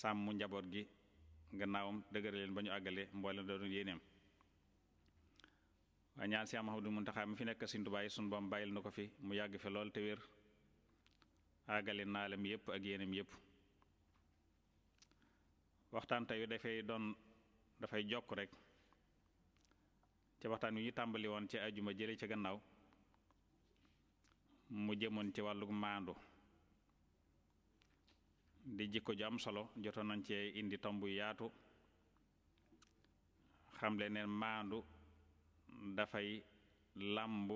sàmm njaboot gi gannaawam dëgëral ba ñu àggale mboolem doonu yéeneem waaye ñaan si Amadu Muntaxa mi fi nekk Sëriñ Tuubaa sunu Boroom bàyyil na ko fi mu yàgg fi lool te wér àggale naalam yépp ak yéeneem yépp waxtaan tey dafay doon dafay jokk rek ci waxtaan wi ñu tàmbali woon ci ajuma jële ca gannaaw mu jëmoon ci wàllu maandu di jikko ju am solo jotoon nañ cee indi tomb yaatu xamle ne maandu dafay làmb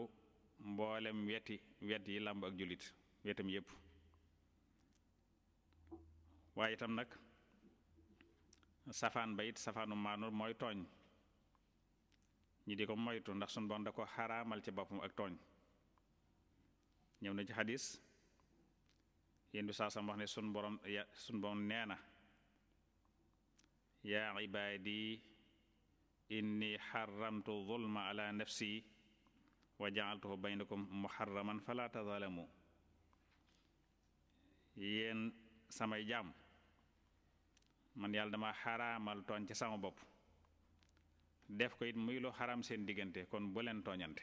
mboolem weti wet yi làmb ak jullit wetam yépp waaye itam nag safaan ba it safaanu maandu mooy tooñ ñi di ko moytu ndax sun bon da ko xaraamal ci boppam ak tooñ ñëw na ci xadis yéen bi saa sam wax ne sun borom ya sun borom nee na yaa di inni xaramtu zulma ala nafsi wa jaaltuhu baynakum muharraman fala tazalamu yéen samay jaam man yàlla dama xaraamal tooñ ci sama bopp def ko it muy lu xaram seen diggante kon bu leen tooñante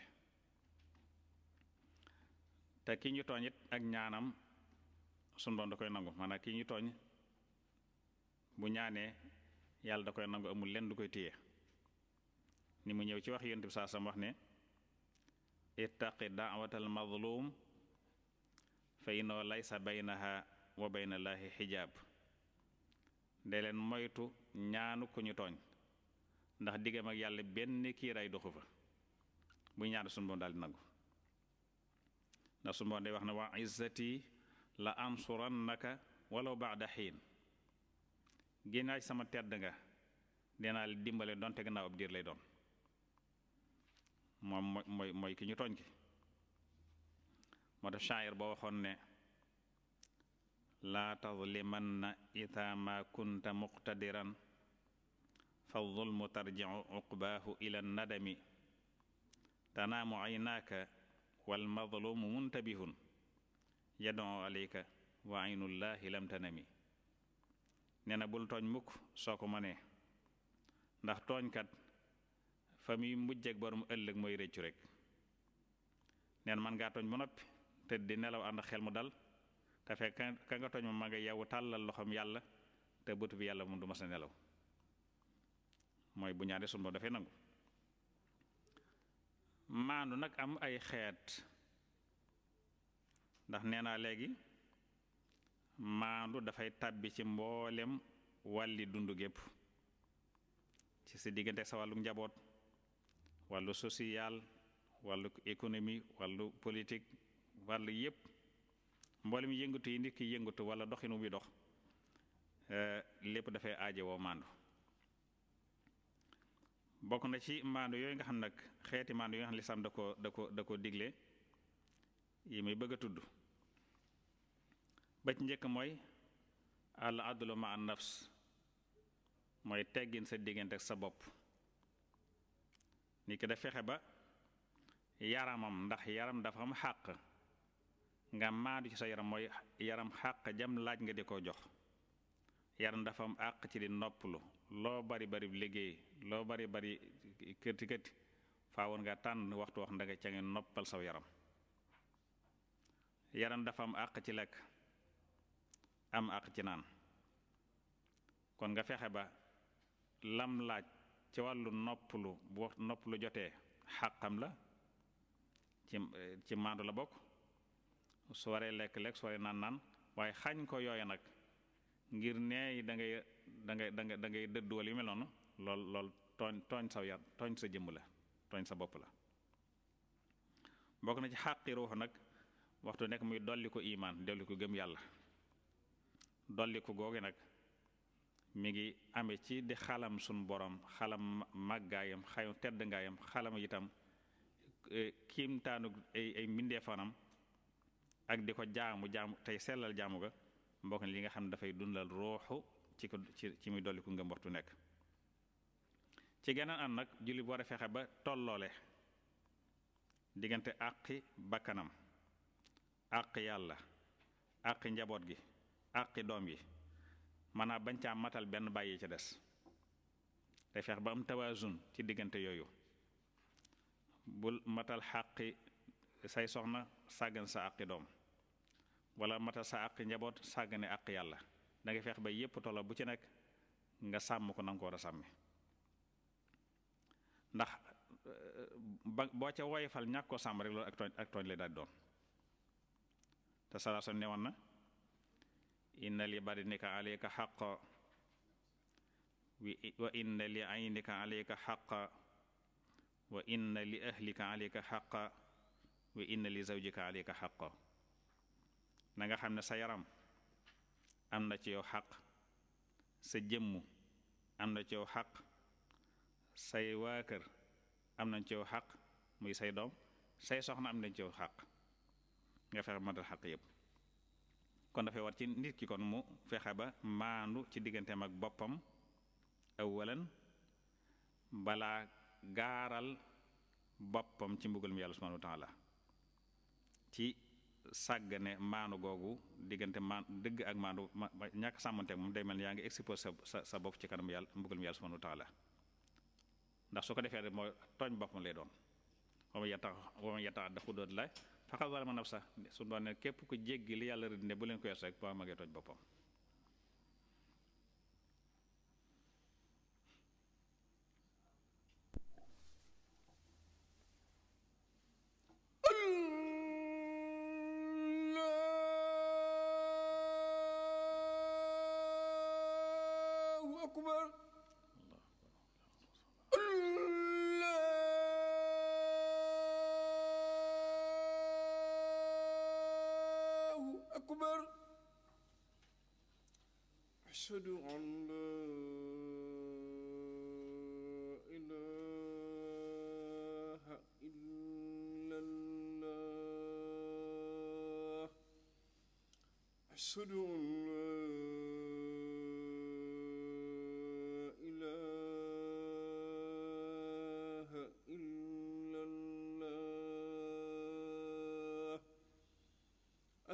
te ki ñu tooñ ak ñaanam sun borom da koy nangu maanaam kii ñu tooñ bu ñaanee yàlla da koy nangu amul lenn du koy téye ni mu ñëw ci wax yonent bi saa sam wax ne ittaqi daawatal mazlum fa inoo laysa baynaha wa baynallaahi xijaab day leen moytu ñaanu ku ñu tooñ ndax diggam ak yàlla benn kiiraay doxu fa bu ñaan sunu borom daal di nangu ndax sunu borom wax ne waa izzati la ansurannaka walaw baada xiin génnaaj sama tedd nga dinaa la dimbale donte gannaaw ab diir lay doon moom mooy mooy ki ñu tooñ ki moo tax shaayir ba waxoon ne laa tazlimanna ita ma kunta muqtadiran fa zulmu tarjicu uqbaahu ila nadami tanaamu aynaaka walmadlumu muntabihun yadoo aleyka wa aynullahi lam mi nee na bul tooñ mukk soo ko mënee ndax tooñkat fa muy mujjeek borom ëllëg mooy rëccu rek neen man ngaa tooñ ba noppi te di nelaw ànd xel mu dal te fekk ka nga tooñ ma ma nga yow tàllal loxoom yàlla te bëtu bi yàlla moom du mas a nelaw mooy bu ñaaree sunu bopp dafay nangu maandu nag am ay xeet ndax nee naa léegi maandu dafay tàbbi ci mboolem wàlli dund gépp ci sa diggante sa wàllu njaboot wàllu social wàllu économie wàllu politik wàllu yépp mboolem yëngatu yi nit ki yëngatu wala doxinu bi dox eh, lépp dafay aaje woo maandu bokk na ci maandu yooyu nga xam nag xeeti maandu yi nga xam lislaam da ko da ko da ko digle yi muy bëgg a tudd ba njëkk mooy al adlu ma an nafs mooy teggin sa diggante ak sa bopp ni ki da fexe ba yaramam ndax yaram dafa am xàq nga maadu ci sa yaram mooy yaram xàq jam laaj nga di ko jox yaram dafa am àq ci di noppalu loo bari liggéey loo bari bari kërti kërti nga tànn waxtu wax nda nga ca ngi noppal saw yaram yaram dafa am àq ci lekk am ak ci naan kon nga fexe ba lam laaj ci wàllu noppalu bu wax noppalu jotee xàqam la ci ci maandu la bokk su waree lekk-lekk su waree naan naan waaye xañ ko yooya nag ngir neey da dangay da ngay da ngay da ngay dëdd wala yu lool lool tooñ tooñ sa yar tooñ sa jëmm la tooñ sa bopp la bokk na ci xàqi ruux nag waxtu nekk muy dolli ko imaan dolli ko gëm yàlla dolliku googu nag mi ngi ame ci di xalam sun borom xalam màggaayam xayu tedd ngaayam xalam itam e, kiimtaanu ay ay mbindeefanam ak di ko jaamu jaamu tey sellal jaamu ga mbokk li nga xam ne dafay dundal ruuxu ci ko ci ci muy dolliku ngëm waxtu nekk ci geneen an nag julli bu war a fexe ba tolloole diggante àqi bakkanam àq yàlla àq njaboot gi àqi doom yi maanaam bañ caa matal benn bàyyi ca des te feex ba am tawaasun ci diggante yooyu bul matal xàqi say soxna sàggan sa àqi doom wala matal sa àqi njaboot sàggane àq yàlla dangay feex ba yépp tolo bu ci nekk nga sàmm ko nanga ko war a sàmmi ndax euh, ba boo ca woyefal ñàkk ko sàmm rek loolu ak tooñ lay daal doon te salaason ne woon na inna li badinika alayka xaqa wa inna li aynika alayka xaqa wa inna li ahlika alayka xaqa wa inna li zawjika alayka xaqa na nga xam ne sa yaram am na ci yow xaq sa jëmm am na ci yow xaq say waa kër am nañ ci yow xaq muy say doom say soxna am nañ ci yow xaq nga fexe matal xaq yépp kon dafay war ci nit ki kon mu fexe ba maandu ci digganteem ak boppam awalan balaa gaaral boppam ci mbugalum yàlla subhanahu wa taala ci sàggane maandu googu diggante maan dëgg ak maandu ma ñàkk sàmmanteeg moom day mel yaa ngi exposé sa sa bopp ci kanam yàlla mbugalum yàlla subhanahu wa ndax su ko defee rek mooy tooñ boppam lay doon wa ma yata wa da xudóot la faqad zalama nafsa suñu boo ne képp ku jéggi li yàlla rëdd ne bu leen ko yor rek boo magee toj boppam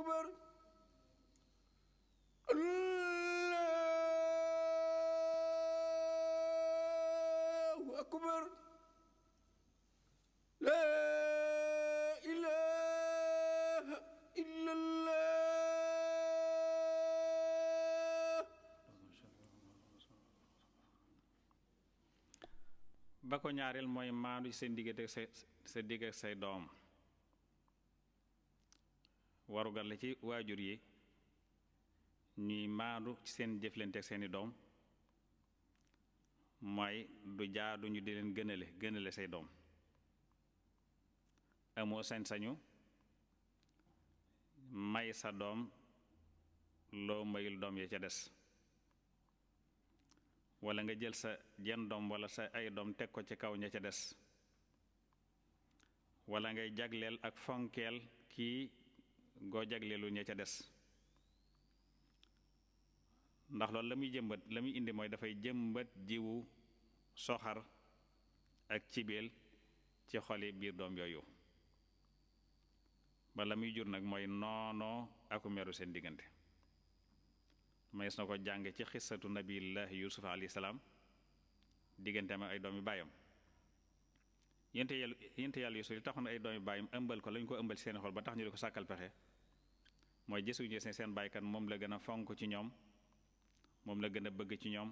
أكبر ba ko ñaareel mooy maandu sa digg ak say sa digg say doom warugar la ci waajur yi ñuy maandu ci seen jëflante ak seeni doom mooy du jaadu ñu di leen gënale gënale say doom amoo sañ-sañu may sa doom loo mayul doom ya ca des wala nga jël sa jenn doom wala sa ay doom teg ko ci kaw ña ca des wala ngay jagleel ak fonkeel kii goo jagleelu ña ca des ndax lool la muy jëmbat la muy indi mooy dafay jëmbat jiwu soxar ak cibeel ci xoli biir doom yooyu ba la muy jur nag mooy noonoo aku meru seen diggante mayees na ko jàng ci xisatu nabillahi yusuf alayhi salaam diggante am ay doomi baayam yente yàlla yente yàlla yusuf li taxoon ay doomi baayam ëmbal ko lañ ko ëmbal seen xol ba tax ñu di ko sàkkal pexe mooy gisuñu ne seen baykat moom la gën a fonk ci ñoom moom la gën a bëgg ci ñoom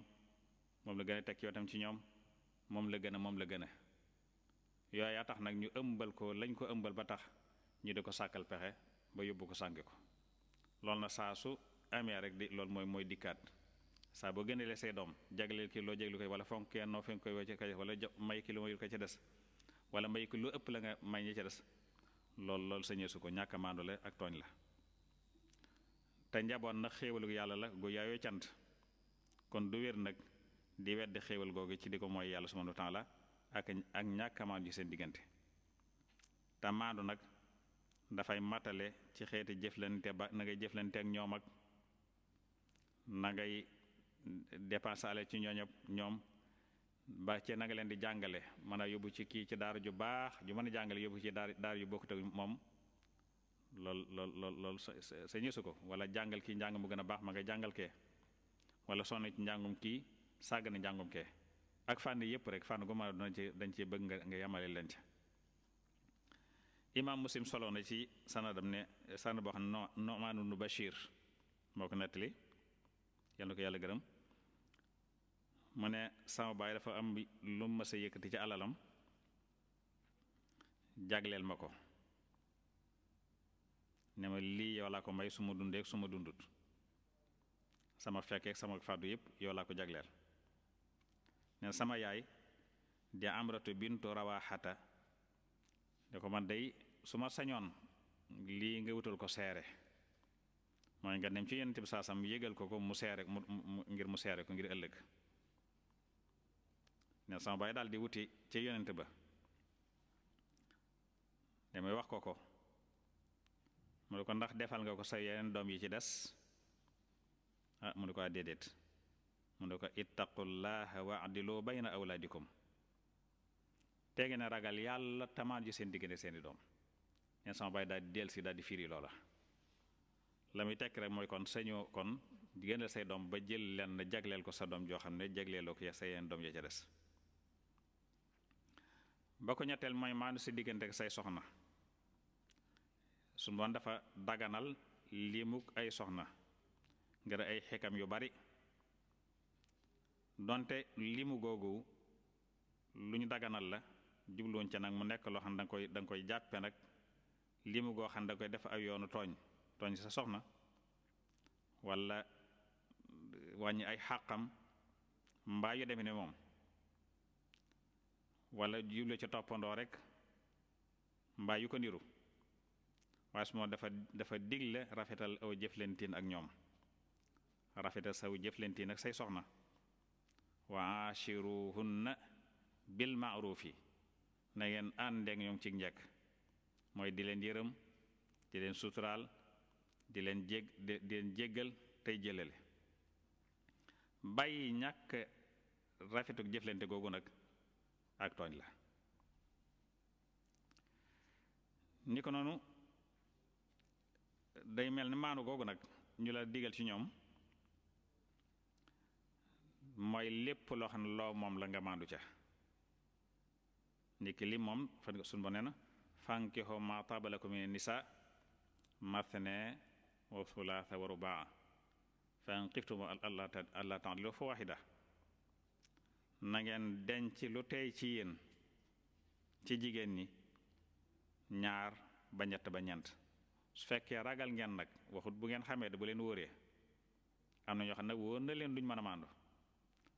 moom la gën a teg yootam ci ñoom moom la gën a moom la gën a yooya tax nag ñu ëmbal ko lañ ko ëmbal ba tax ñu di ko sàkkal pexe ba yóbbu ko sànge ko loolu na saa su amee rek di loolu mooy mooy dikkaat saa boo gënalee say doom jagleel ki loo jéglu koy wala fonk kenn noo fonk koy wala may ki lu mayul ko ca des wala may ki lu ëpp la nga may ñi ca des loolu loolu sañee su ko ñàkk a maandule la te njaboot nag xéewalug yàlla la gu yaayoo cant kon du wér nag di weddi xéewal googu ci di ko mooy yàlla subhanahu wa taala ak ak ñàkk a seen diggante te nag dafay matale ci xeeti jëflante ba nangay jëflante ak ñoom ak na ngay dépensale ci ñooñ ñoom ba ci na nga leen di jàngale mën a yóbbu ci kii ci daara ju baax ju mën a jàngale yóbbu ci daar daar yu bokkut moom lool lool lool lool sañu su ko wala jàngal kii njàng mu gën a baax ma nga jàngal kee wala sonn ci njàngum kii sàgg na njàngum kee ak fànn yëpp rek fànn gu ma doon dañ cee bëgg nga nga yemale leen ca imaam muslim solo na ci sanadam ne sanad boo xam ne no nomaanu nu Bachir moo ko nettali yal ko yàlla gërëm mu ne sama baay dafa am lu ma sa yëkkati ci alalam jagleel ma ko ne ma lii yow laa ko may su ma dundeek su ma dundut sama fekkeek sama fàddu yëpp yow laa ko jagleel ne sama yaay di amratu bintu rawaxata ne ko man dey su ma sañoon lii nga wutal ko seere mooy nga dem ci yonent bi saa sam yégal ko ko mu seere mu ngir mu seere ko ngir ëllëg ne sama baay daal di wuti ci yonent ba damay wax ko ko mu ne ko ndax defal nga ko sa yeneen doom yi ci des ah mu ne ko ah, déedéet mu ne ko ittaqullaha wa'dilu bayna awlaadikum tege na ragal yàlla tamaan ji seen diggante seeni doom neen sama baay daal di si daal di firi loola la muy tekk rek mooy kon sañoo kon génneel say doom ba jël lenn jagleel ko sa doom joo xam ne jagleeloo ko sa yeneen doom ja ca des ba ko ñetteel mooy maanu si diggante say soxna su borom dafa daganal limuk ay soxna ngir ay xikam yu bari donte limu googu lu ñu daganal la jubluwoon ca nag mu nekk loo xam danga koy danga koy jàppe nag limu goo xam danga koy def ay yoonu tooñ tooñ sa soxna wala wàññi ay xàqam mbaa yu demee ne moom wala juble ca toppandoo rek mbaa yu ko niru wasmo dafa dafa digle rafetal aw jëflentiin ak ñoom rafetal saw jëflentiin ak say soxna wa ashiruhunna bil ma'rufi na ngeen àndeek ñoom ci njëkk mooy di leen yërëm di leen suturaal di leen jég di leen jéggal tey jëlale bàyyi ñàkk rafetuk jëflante googu nag ak tooñ la ni ko noonu day mel ni maanu googu nag ñu la digal ci ñoom mooy lépp loo moom la nga maandu ca niki li moom fan sun bo nee na fankihu ma taaba lakum mina nisaa mathna wa thulatha wa rubaa fa in xiftum allaa ta'dilu fa waahida na denc lu tey ci yéen ci jigéen ñi ñaar ba ñett ba ñeent su fekkee ragal ngeen nag waxut bu ngeen xamee da bu leen wóoree am na ñoo xam ne wóor na leen duñ mën a maandu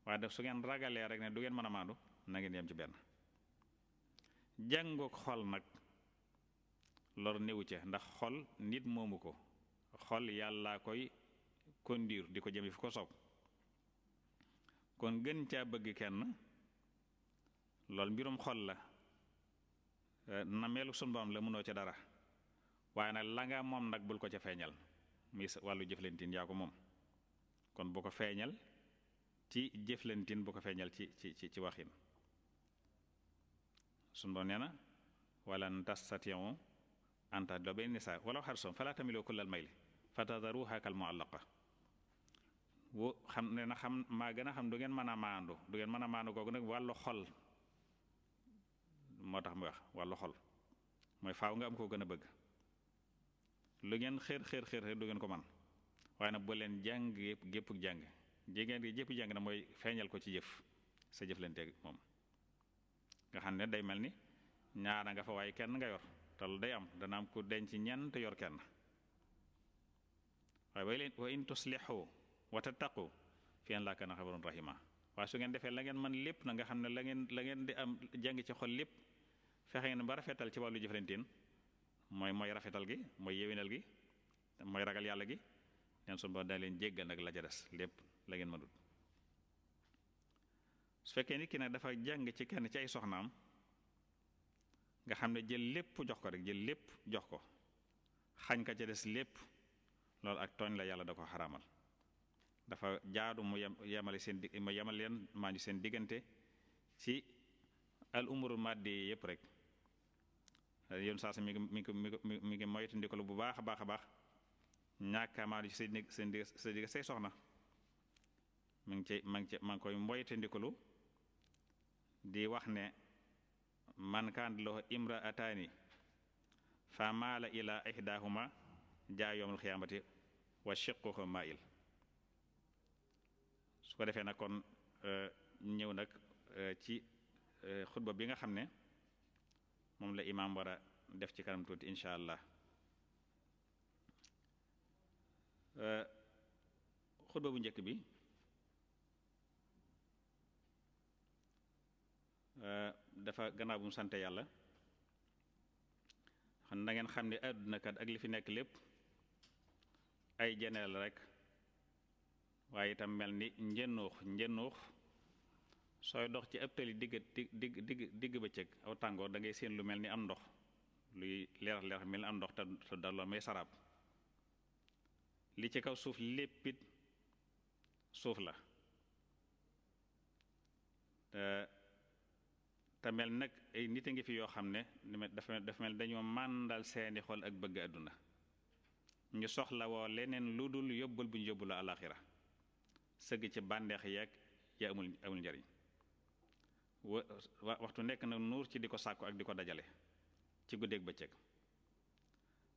waaye daf su ngeen ragalee rek ne du ngeen mën a maandu na ngeen yem ci benn jàngook xol nag lor newu ca ndax xol nit moomu ko xol yàllaa koy kondiir di ko jëme fi ko soob kon gën caa bëgg kenn lool mbirum xol la eh, na meelu sun borom la mënoo ca dara waaye nag la nga moom nag bul ko ca feeñal sa wàllu jëflantin yaa ko moom kon bu ko feeñal ci jëflantin bu ko feeñal ci ci ci ci waxin sun boo nee na wala tastati'u an ta'dilu bayna nisaa walaw harsun falaa tamilu kullal mayli fatadaruha kal mu'allaqa wo xam ne na xam maa gën a xam du ngeen mën a maandu du ngeen mën a maandu googu nag wàllu xol moo tax mu wàllu xol mooy faaw nga am koo gën a bëgg lu ngeen xër xër xër du ngeen ko man waaye nag boo leen jàng yëpp gépp jàng jigéen gi jëpp jàng na mooy feeñal ko ci jëf sa jëf leen moom nga xam ne day mel ni ñaara nga fa waaye kenn nga yor te day am dana am ku denc ñenn te yor kenn waaye way leen wa in tuslixu wa tattaqu fi an laa kaana xabarun rahima waaye su ngeen defee la ngeen man lépp na nga xam ne la ngeen la ngeen di am jàng ci xol lépp fexe ngeen ba rafetal ci wàllu jëflanteen mooy mooy rafetal gi mooy yéwénal gi mooy ragal yàlla gi neen suñu ba leen jéggal nag la ca des lépp la ngeen mënut su fekkee nit ki nag dafa jàng ci kenn ci ay soxnaam nga xam ne jël lépp jox ko rek jël lépp jox ko xañ ka ca des lépp loolu ak tooñ la yàlla da ko xaraamal dafa jaadu mu yemale seen di mu yemal leen maa ngi seen diggante ci al umuru maddi yépp rek Eh, yoon saa mi ngi mi ngi mi ngi mi bu baax a baax a baax ñàkk a ci sa digg sa digg sa digg say soxna ma ngi cay ma ngi cay koy moytandiku di wax ne man kaan lahu imraataani fa maala ila ihdahuma jaa yawmal xiyaamati wa shiqquhu maa'il su ko defee nag kon eh, ñëw nag eh, ci xutba bi nga xam ne moom la imaam war def ci kanam tuuti incha allah euh, xutba bu njëkk bi euh, dafa gannaaw bu mu sante yàlla xam na xam ne àdduna kat ak li fi nekk lépp ay jeneel rek waaye itam mel ni njënuux njënuux sooy dox ci ab tali digg digg digg digg bëccëg aw tàngoor dangay séen lu mel ni am ndox luy leer leer mel ni am ndox te daloo may saraab li ci kaw suuf léppit suuf la te mel nag ay nit a ngi fi yoo xam ne dafa dafa mel dañoo màndal seeni xol ak bëgg àdduna ñu soxla woo leneen lu dul yóbbal bu ñu yóbbu la alaaxira sëgg ci bàndeex yeeg yaa amul amul njariñ wa waxtu nekk na nuur ci di ko sàkku ak di ko dajale ci ba bëccëg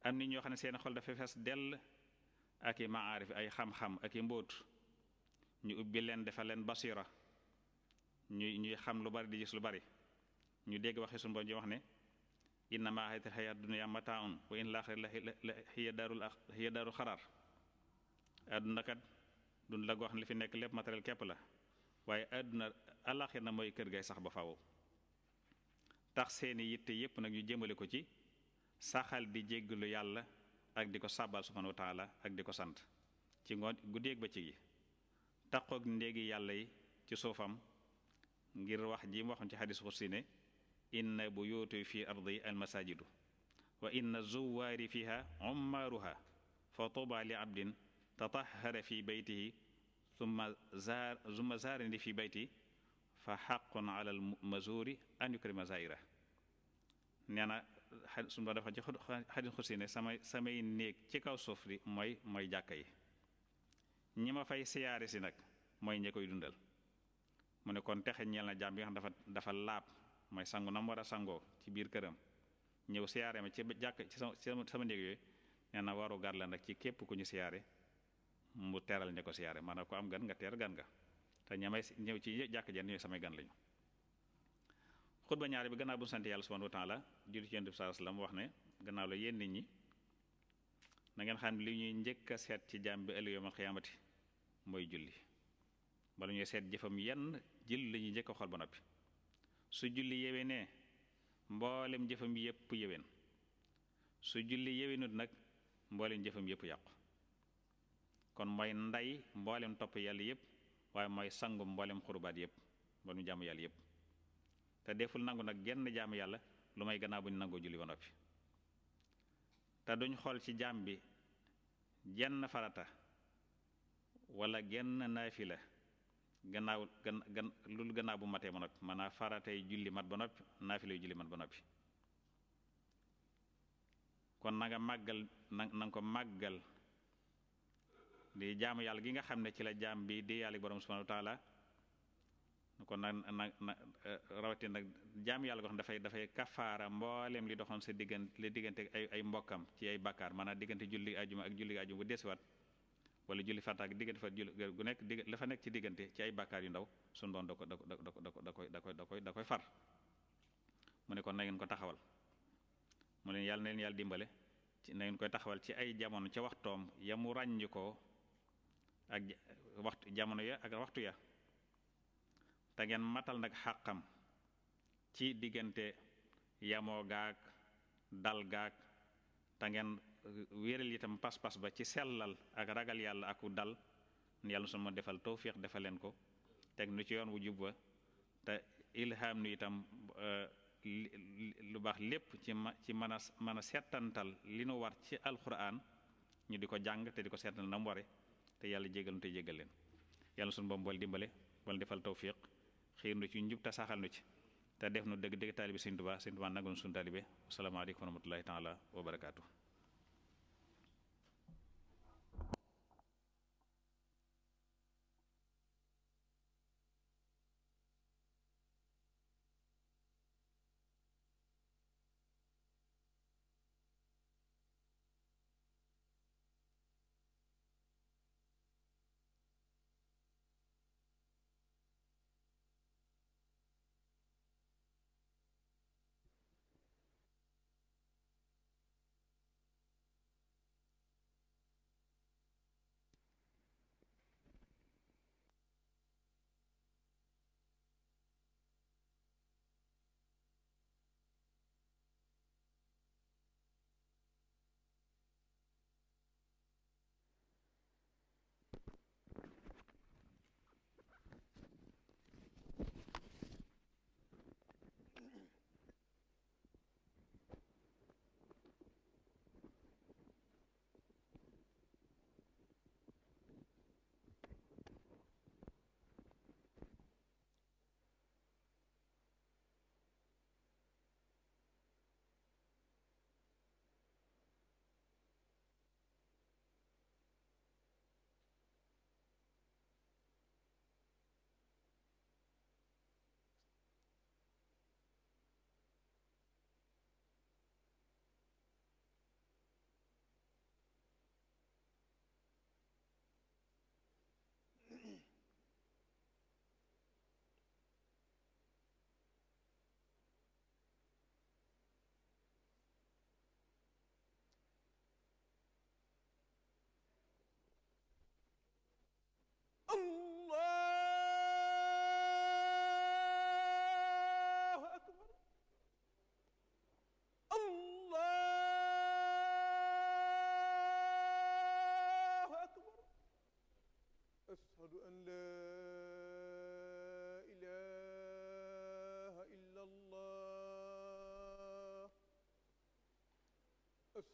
am nit ñoo xam ne seen xol dafa fees dell ak i maarif ay xam-xam ak i mbóot ñu ubbi leen defal leen basira ñuy ñuy xam lu bari di gis lu bari ñu dégg waxe suñu borom ji wax ne inna maa hayat dunya mataaun wa in laaxira la hiya daru hiya daarul xaraar àdduna kat dund la goo ne li fi nekk lépp matériel képp la waaye àdduna alaxir na mooy kër gay sax ba faw tax seeni yitte yépp nag ñu jëmale ko ci saxal di jéggalu yàlla ak di ko sàbbal subhanahu wa ak di ko sant ci ngoon guddeeg ba ci gi taqoog ndéegi yàlla yi ci suufam ngir wax ji mu waxoon ci xadis xursi ne inna buyuutu fi ardi almasajidu wa inna zuwaari fiha ummaaruha fa tuuba abdin tatahara fi baytihi summa zaar summa fi bayti fa xaqun ala al mazuri an yukrima zaira nee na suñu ba dafa ci xadis xusi samay samay néeg ci kaw suuf di mooy mooy jàkk yi ñi ma fay siyaare si nag mooy ñi koy dundal mu ne kon texe ñeel na jaam xam dafa dafa laab mooy sangu na war a sangoo ci biir këram ñëw siyaare ma ci jàkk ci sama sama néeg yooyu nee na waru gar la nag ci képp ko ñu siyaare mu teral ñi ko siyaare maanaam ko am gan nga teer gan nga te ñamay ñëw ci jàkk jan ñooy samay gan lañu xutba ñaar bi gannaaw bu sant yàlla subhanahu wa taala julli ci yonent bi sallallahu alayhi wasallam wax ne gannaaw la yéen nit ñi na xam li ñuy njëkk a seet ci jaam bi ëllëg yawmal xiyaamati mooy julli bala seet jëfam yan jël la njëkk a ba noppi su julli yéwénee mboolem jëfam yépp yéwén su julli yéwénut nag mboolem jëfam yépp yàqu kon mooy ndey mboolem topp yàlla yépp waaye mooy sangum mboolem xurubaat yëpp mboolem jaamu yàlla yëpp te deful nangu nag genn jàmm yàlla lu may gannaaw bu ñu nangoo julli ba noppi te duñ xool ci jaam bi genn farata wala genn naafila gannaaw gan gan loolu gannaaw bu matee ba noppi maanaam faratay julli mat ba noppi naafilay julli mat ba noppi kon na nga màggal na ko màggal di jaamu yàlla gi nga xam ne ci la jaam bi di yàlla borom subhanahu wa taala kon na na nag rawati nag eh, jaam yàlla goo xam dafay dafay kafaara mbooleem li doxoon sa diggante li diggante ay mbokkam ci ay man maanaam diggante julli ajuma ak julli ajuma bu deesiwaat wala julli farata ak diggante fa julli gu nekk digg la fa nekk ci diggante ci ay bakkaar yu ndaw suñu doon da ko da da ko da koy da koy da koy da koy far mu ne kon na ko taxawal mu ne yàlla na leen yàlla dimbale ci na koy taxawal ci ay jamono ca waxtoom ya ràññ ko ak waxtu jamono ya ak waxtu ya te ngeen matal nag xàqam ci diggante yamo gaag dal gaag te ngeen uh, wéeral itam pas-pas ba ci sellal ak ragal yàlla aku dal yàlla su ma defal tawfiq defal leen ko teg nu ci yoon wu jub wa te ilham nu itam uh, lu baax lépp ci ma ci mën a mën a settantal li nu war ci alquran ñu di ko jàng te di ko settantal na mu ware te yàlla jégal nu te jégal leen yàlla sunu boom bool dimbale wala defal tawfiq xiir nu ci njub te saaxal nu ci te def nu dëgg dëgg taalibe Sëriñ Tuubaa Sëriñ Tuubaa nangul sunu taalibe asalaamaaleykum wa rahmatullahi taala wa barakaatu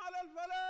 على الفلاح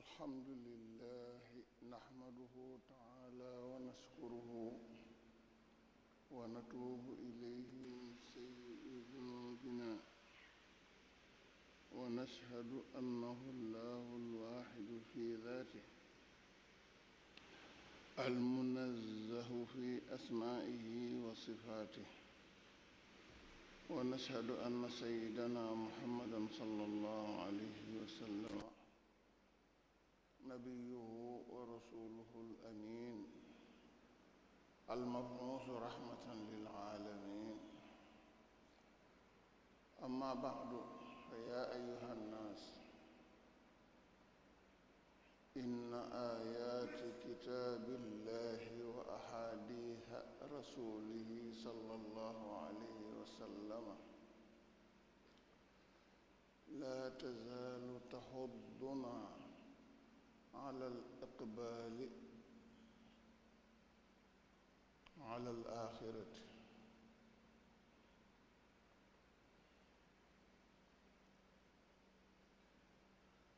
الحمد لله نحمده تعالى ونشكره ونتوب إليه من سيء ذنوبنا ونشهد أنه الله الواحد في ذاته المنزه في أسمائه وصفاته ونشهد أن سيدنا محمدا صلى الله عليه وسلم نبيه ورسوله الأمين المبعوث رحمة للعالمين أما بعد فيا أيها الناس إن آيات كتاب الله وأحاديث رسوله صلى الله عليه وسلم لا تزال تحضنا ala al iqbaali ala al axirati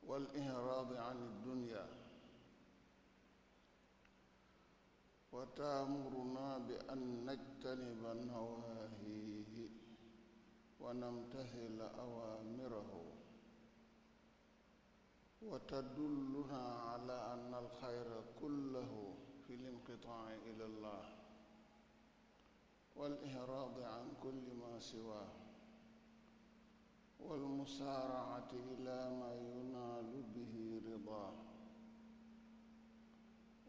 wal ihraadi an dunya wa taamuruna bi an najtaniba nawaahihi wa namtasila awaamirahu وتدلها على أن الخير كله في الانقطاع إلى الله والإعراض عن كل ما سواه والمسارعة إلى ما ينال به رضاه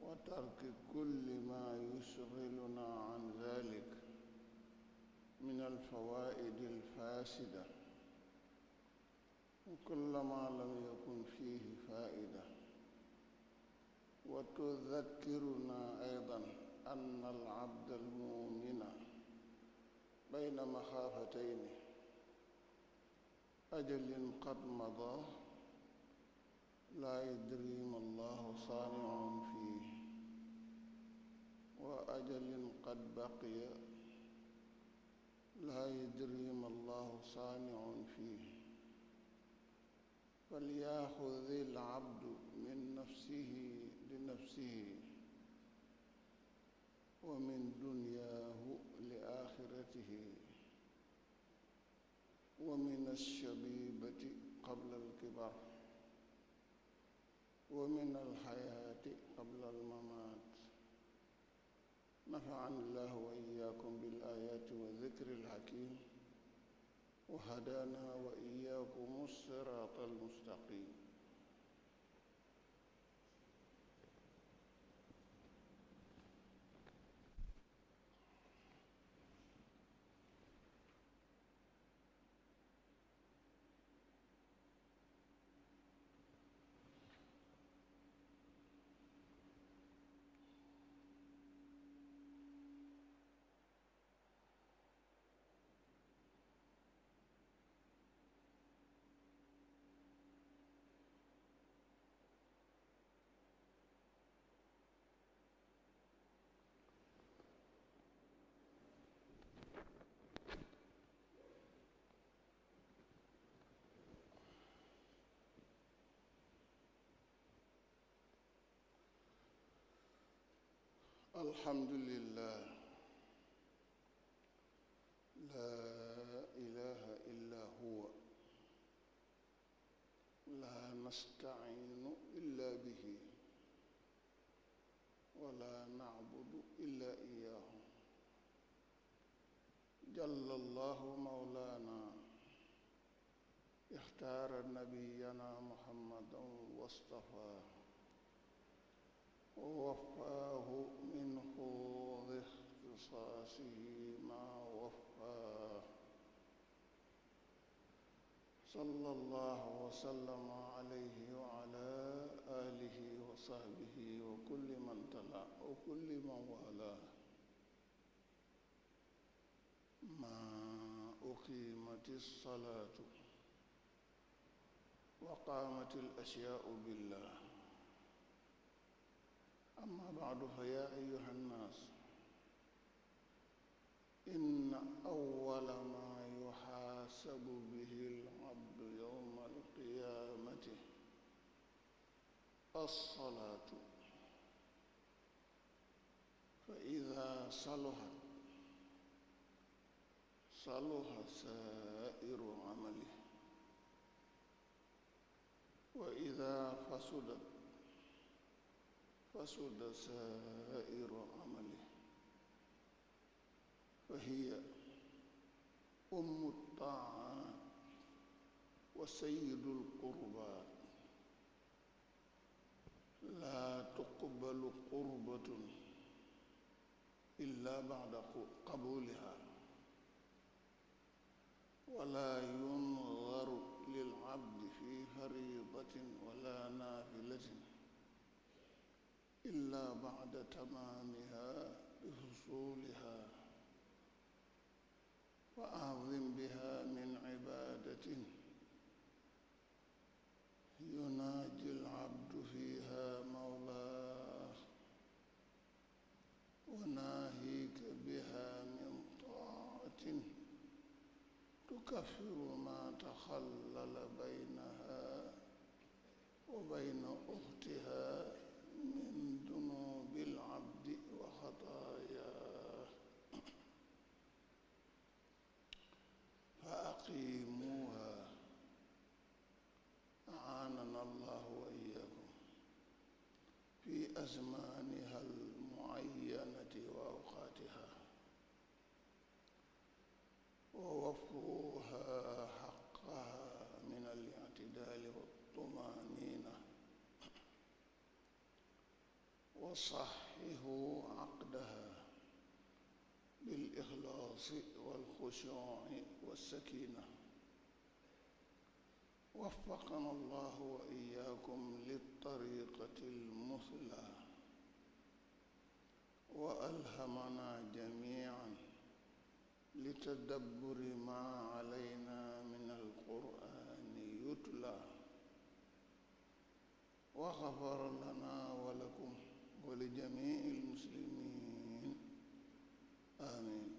وترك كل ما يشغلنا عن ذلك من الفوائد الفاسده وكل ما لم يكن فيه فائدة وتذكرنا أيضا أن العبد المؤمن بين مخافتين أجل قد مضى لا يدري ما الله صانع فيه وأجل قد بقي لا يدري ما الله صانع فيه فلياخذ العبد من نفسه لنفسه ومن دنياه لآخرته ومن الشبيبة قبل الكبر ومن الحياة قبل الممات نفعني الله وإياكم بالآيات والذكر الحكيم وهدانا وإياكم الصراط المستقيم alhamdulillah laa ilaha illa huwa laa nastaciinu illa bihi wala nacbudu illa iyaahu jalla allahu mawlaana ixtaara nabiyana muhammadan wastafaa ووفاه من خوض اختصاصه ما وفاه صلى الله وسلم عليه وعلى آله وصحبه وكل من تلا وكل من والاه ما أقيمت الصلاة وقامت الأشياء بالله أما بعد فيا أيها الناس إن أول ما يحاسب به العبد يوم القيامة الصلاة فإذا صلحت صلح سائر عمله وإذا فسدت فسد سائر عمله فهي أم الطاعات وسيد القربات لا تقبل قربة إلا بعد قبولها ولا ينظر للعبد في فريضة ولا نافلة إلا بعد تمامها بحصولها وأعظم بها من عبادة يناجي العبد فيها مولاه وناهيك بها من طاعة تكفر ما تخلل بينها وبين أختها أزمانها المعينة وأوقاتها ووفوها حقها من الاعتدال والطمأنينة وصححوا عقدها بالإخلاص والخشوع والسكينة وفقنا الله وإياكم للطريقة المثلى وألهمنا جميعا لتدبر ما علينا من القرآن يتلى وغفر لنا ولكم ولجميع المسلمين آمين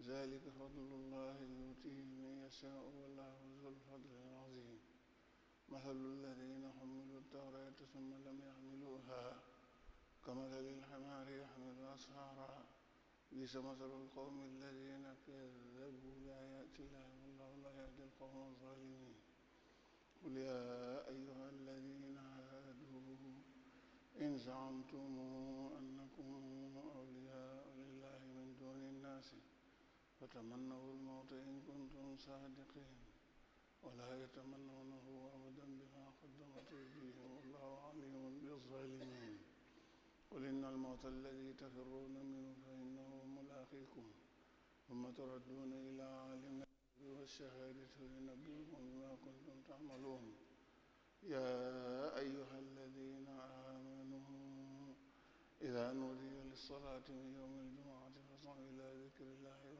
zaalika fadlullaahi yu'tiihi man yashaa'u wallaahu zul fadlil aziim masalul laziina hummilu tawraata summa lam yahmiluuhaa kamasalil hamaari yahmilu asfaaraa bi'sa masalul qawmi laziina kazzabuu bi aayaatillaahi wallaahu laa yahdil qawma zaalimiin qul yaa ayyuhal laziina haaduu in za'amtum annakum awliyaa'u lillaahi min duuni nnaasi فتمنوا الموت إن كنتم صادقين ولا يتمنونه أبدا بما قدمت أيديهم والله عليم بالظالمين قل إن الموت الذي تفرون منه فإنه ملاقيكم ثم تردون إلى عالم والشهادة فينبئكم بما كنتم تعملون يا أيها الذين آمنوا إذا نودي للصلاة من يوم الجمعة فاسعوا إلى ذكر الله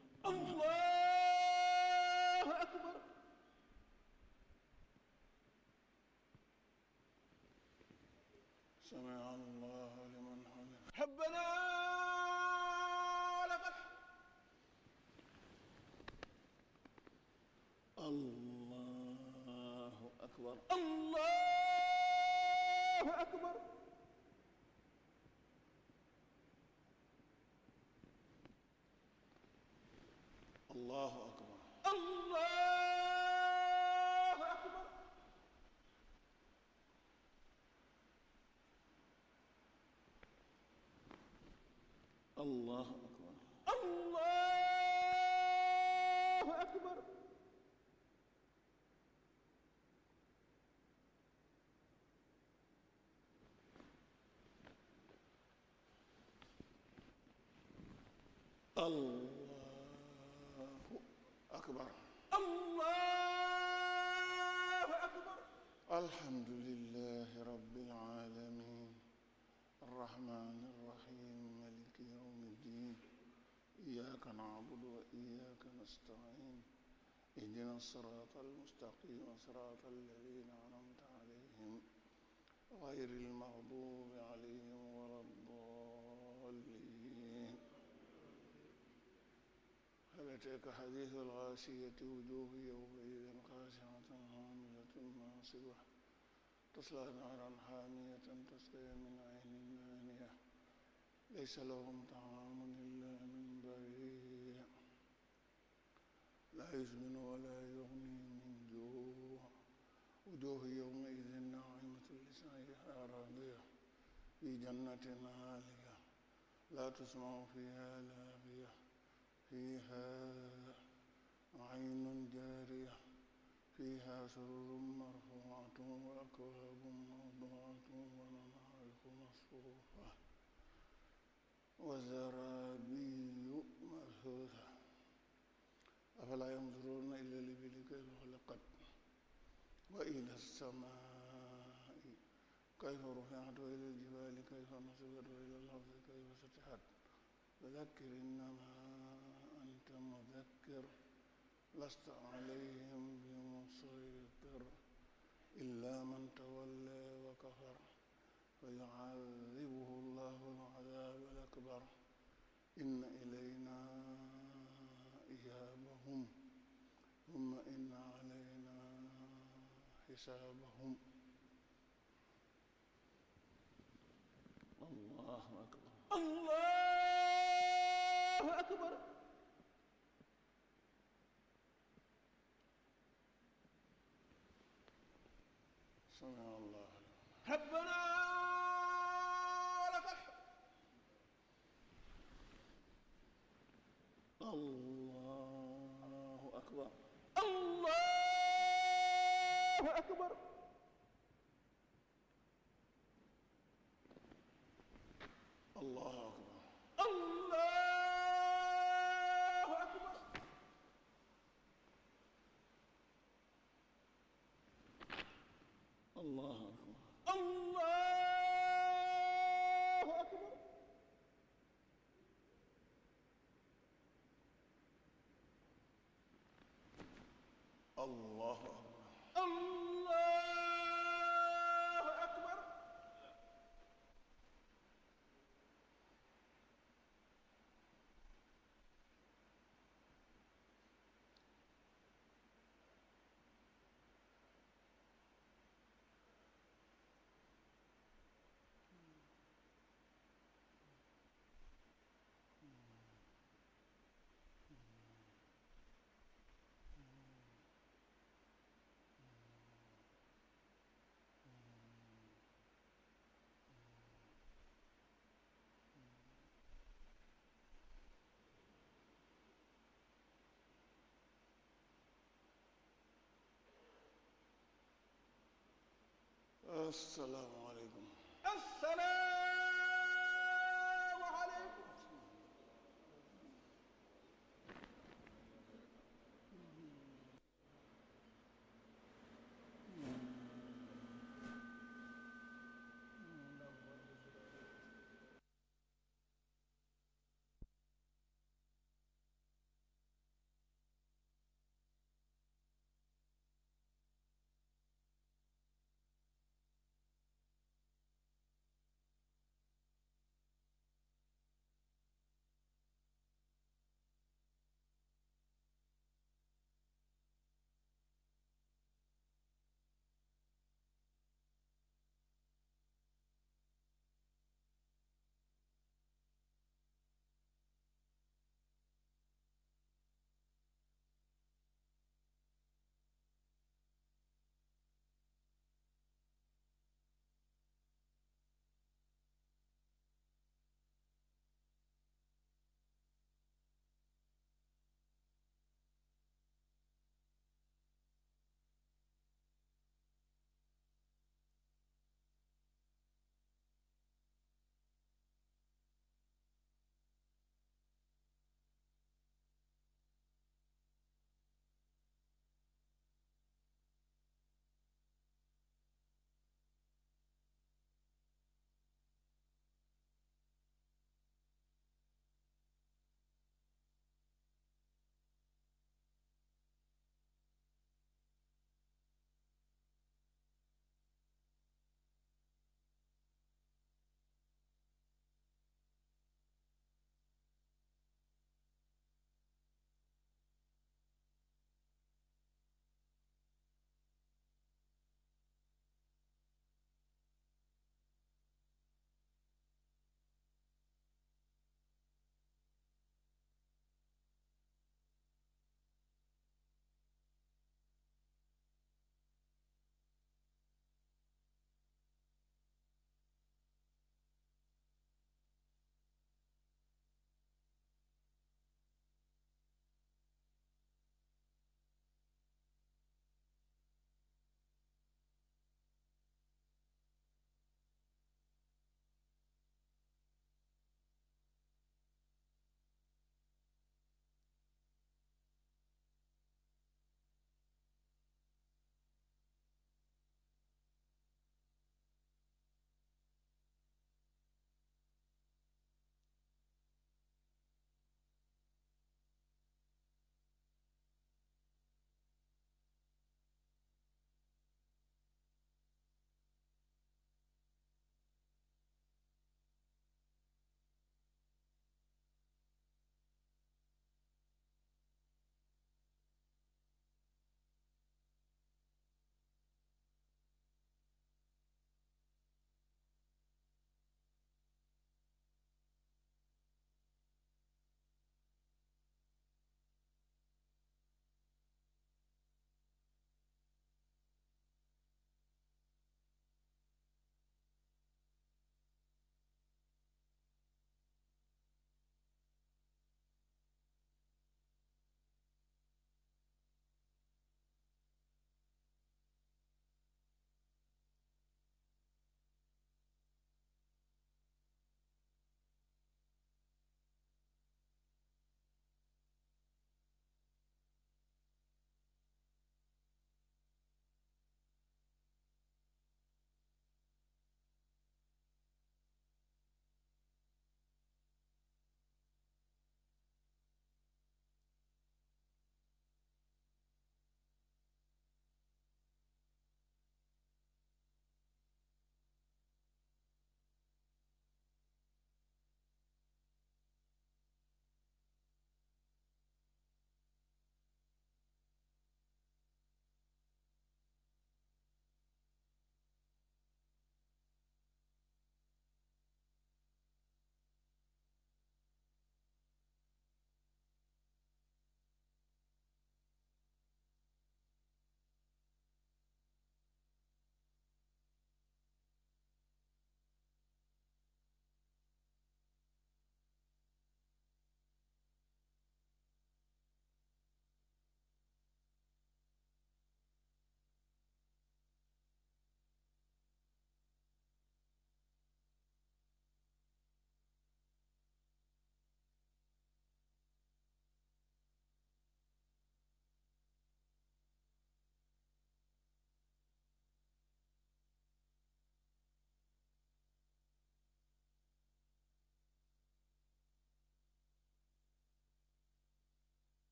allahu akbar sami allahu liman hamid rabbana lakal allahu akbar allah allahu akbar allahu akbar allahu akbar allahu akbar alhamdulillahi rabbil alamin arrahmani arrahim مالك يوم الدين إياك نعبد وإياك نستعين اهدنا الصراط المستقيم صراط الذين أنعمت عليهم غير المغضوب عليهم ولا الضالين هل أتاك حديث الغاشية وجوه يومئذ خاشعة عاملة ناصبة تصلى نارا حامية تسقي من عين آنية ليس لهم طعام إلا من ضريع لا يسمن ولا يغني من جوع وجوه يومئذ ناعمة لسعيها راضية في جنة عالية لا تسمع فيها لاغية فيها عين جارية فيها سرر مرفوعة وأكواب موضوعة ونمارق مصفوفة wa zarabiyu mabsuusa afalaa yanzuruuna ilaa l-ibili kayfa xuliqat wa ilaa s-samaa'i kayfa rufi'at wa ilaa l-jibaali kayfa nusibat wa ilaa l-ardi kayfa sutihat fazakkir innamaa anta muzakkir lasta alayhim bi musaytir illaa man tawallaa wa kafar fa yu'azzibuhu llaahu l-'azaab akbar inna ilayna iyaabahum thumma inna alayna xisaabahum allahu akbar allahu akbar sami allah rabbana Allahu asalaamaaleykum. asalaamaaleykum.